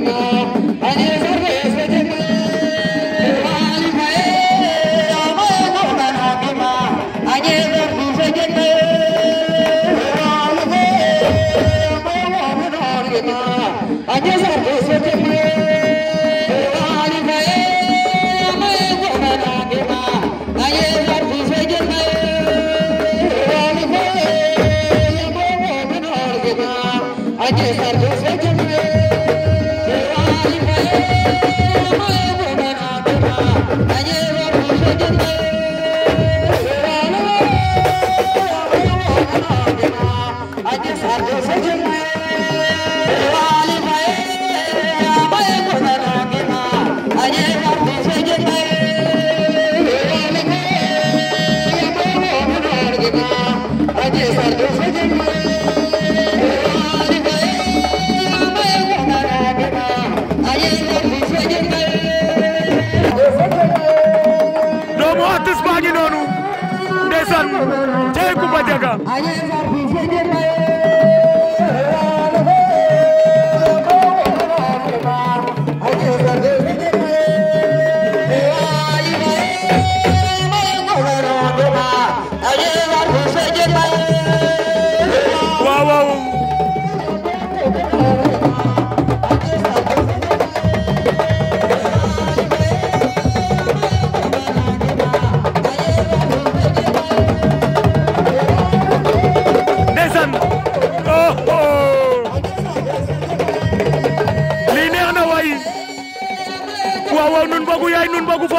I guess I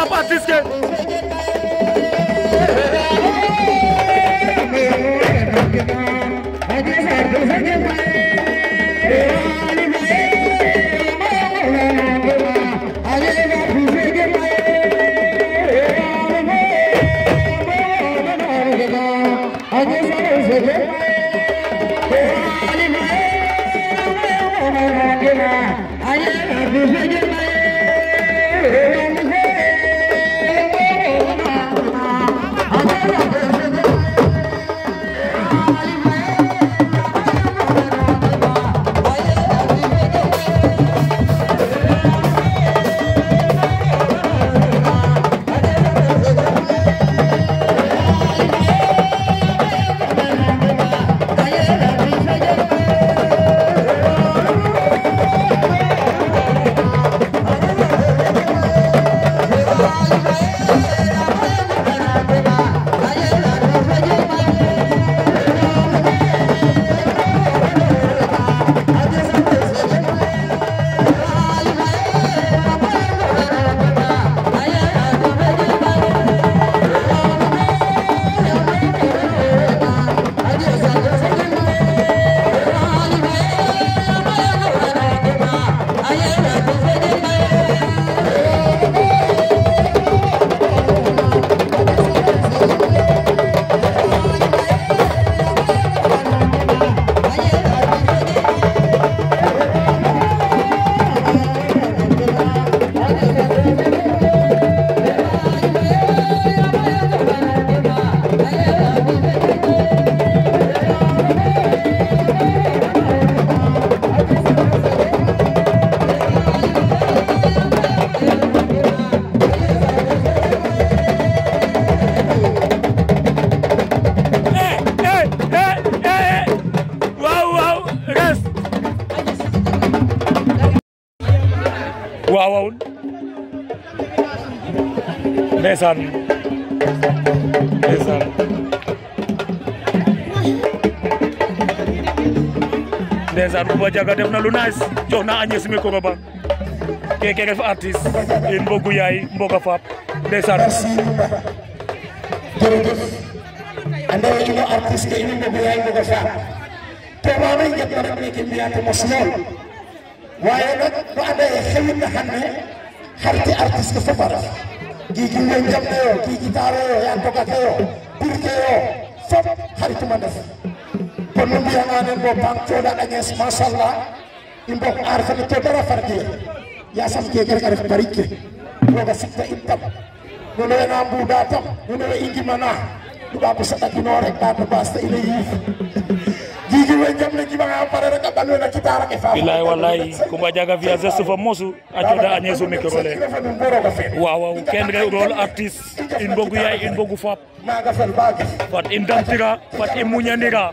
va pas disquer. Hey, hey, hey, Hare Hare ndeysaan ndeysaan ndeysaan Bouba jaga def na lu nice jox na Agnès micro ba keke ref artiste in mbogu yaay mboga faap ndeysaan jërëjëf ande ke ini mbogu yaay mboga faap to mama ngetna rek meke mbiyaate mos xarti gigi lenjam teo gigi taro yang toka teo bir teo sop hari tumandas penumbiang anen bo bang coda nanyes masalah imbok arfan codara fardi yasam keger karif barike boga sikta intam nule nambu datam nule ingi mana Duba bisa tak kinorek tak basta ini bilaay walaay Kumba Jaga via geste fa mosu a cooda a ñeesu micro le waaw waaw in mbogu yaay in mbogu faap fat i ndamtira fat i muñandira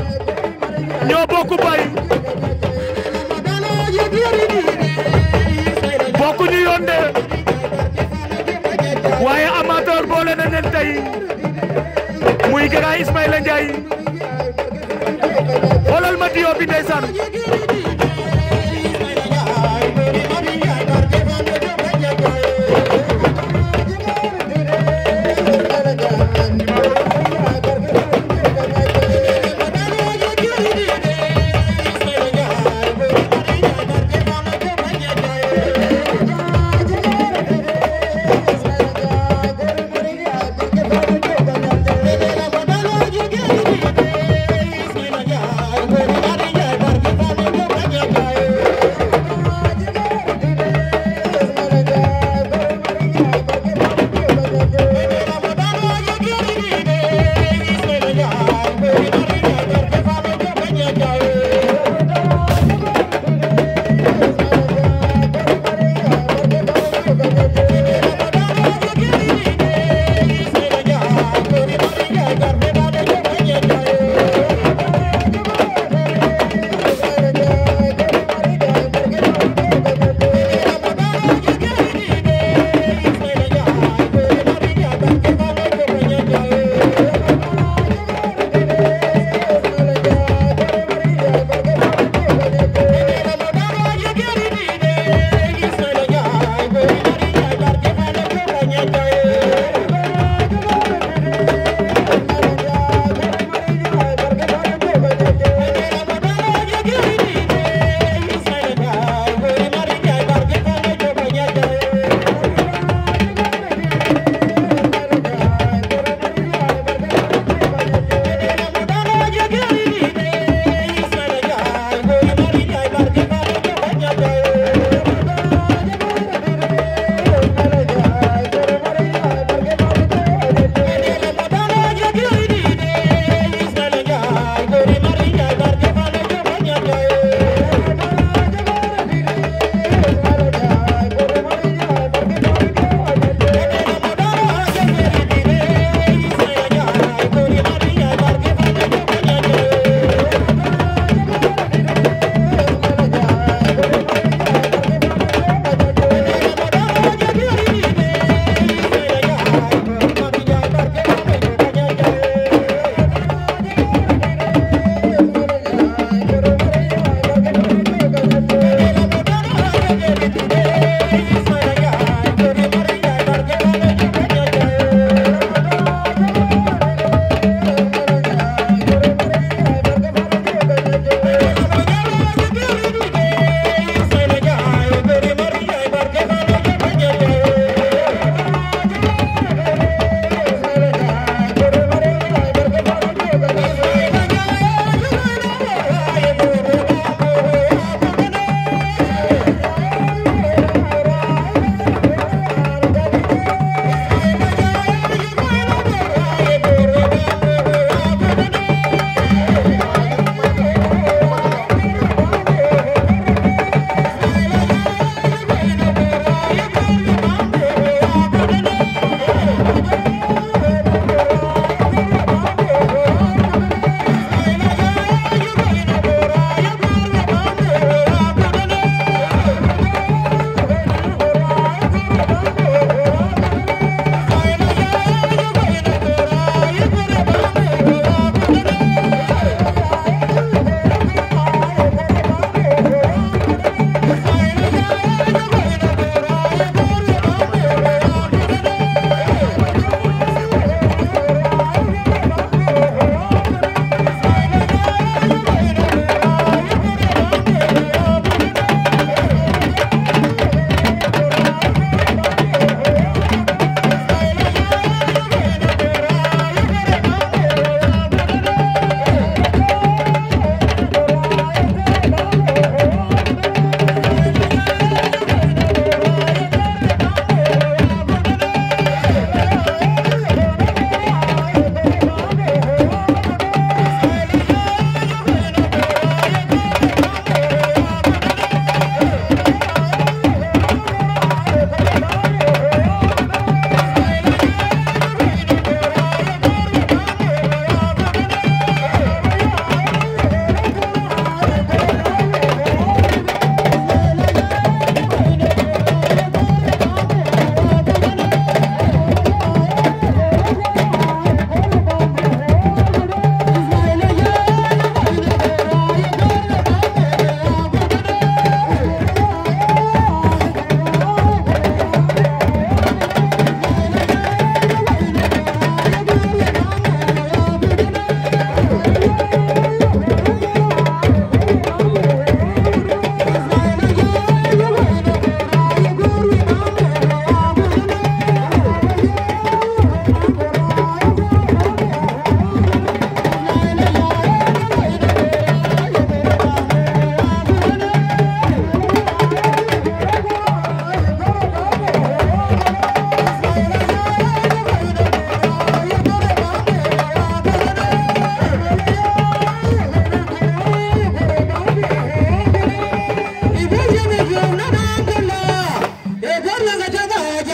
ñoo bokk bay bokkuñu yoon de waaye amateur boole na leen tey muy grand Ismaïla Ndiaye xoolal ma diop bi ndeysaan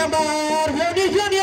Amar, Yoni Yoni.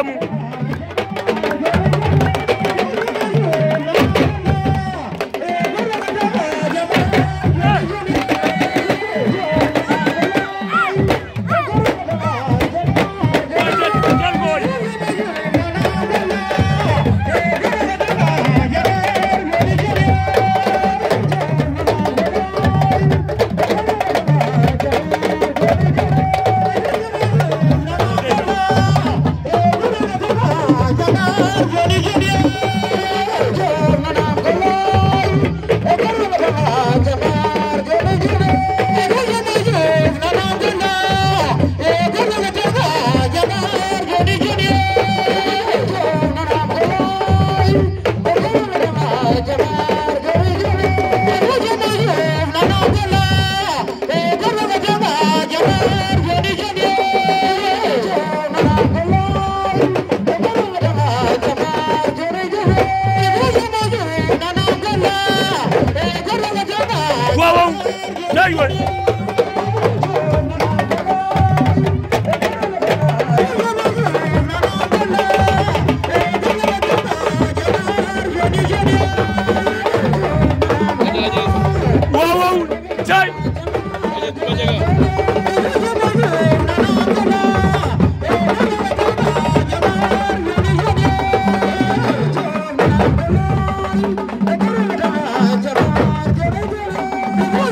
mu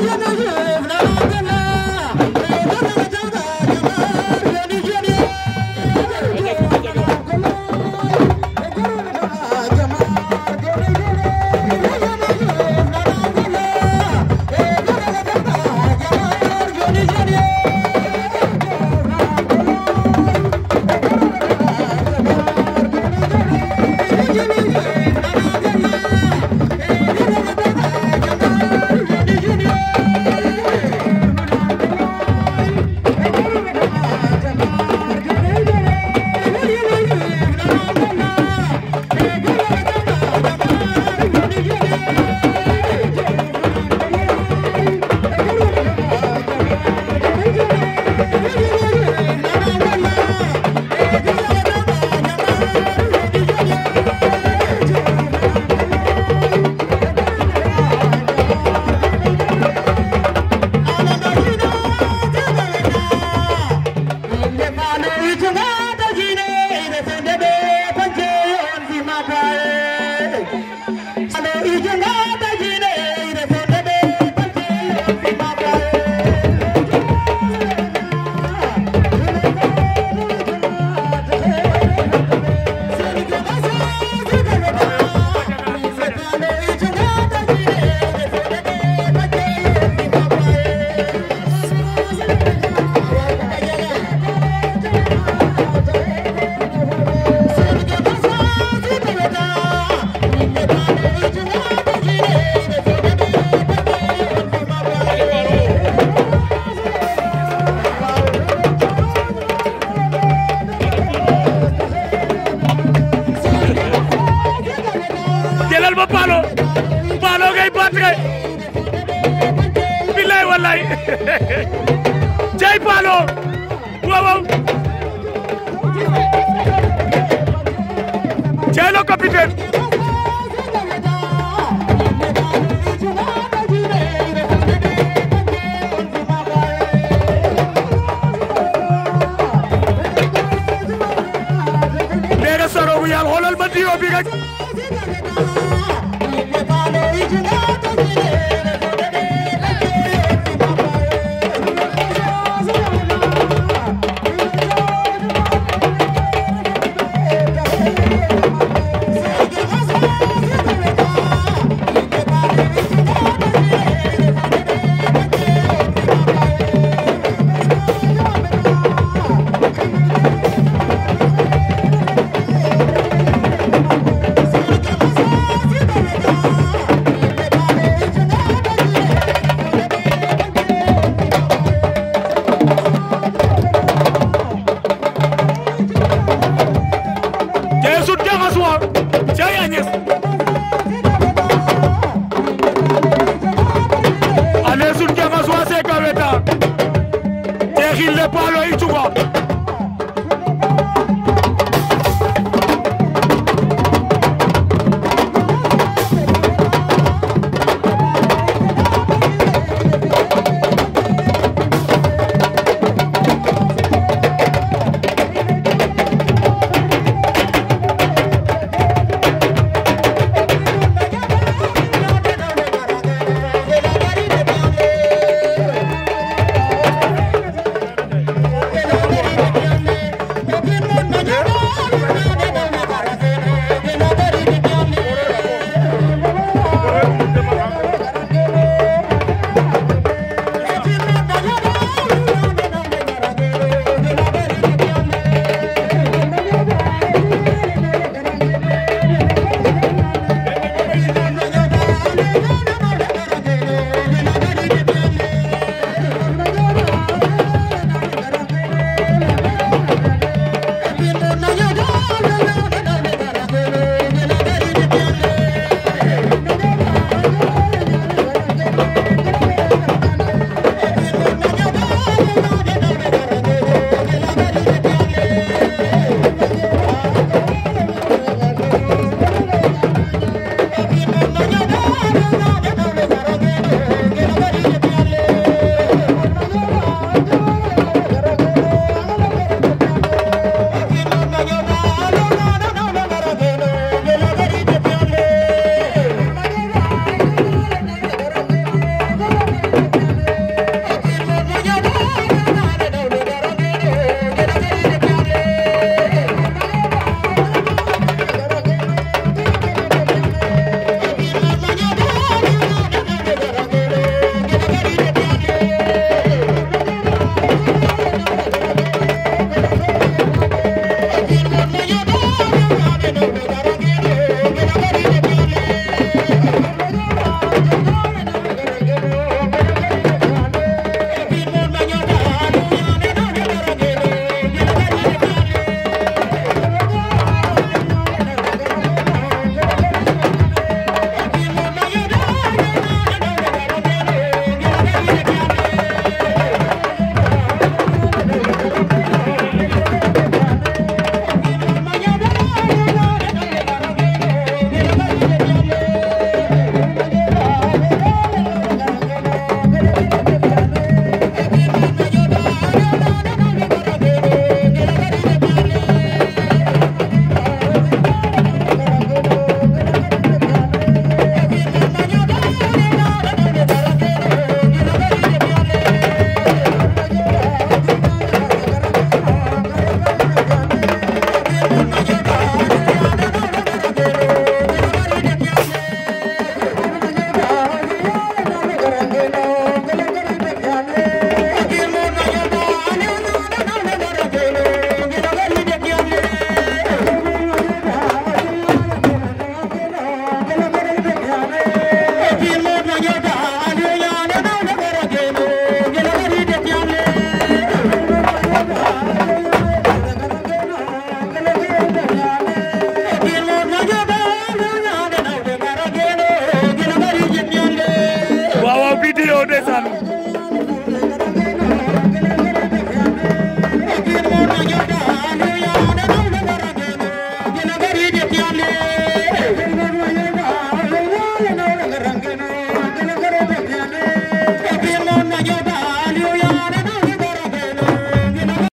no, no, no.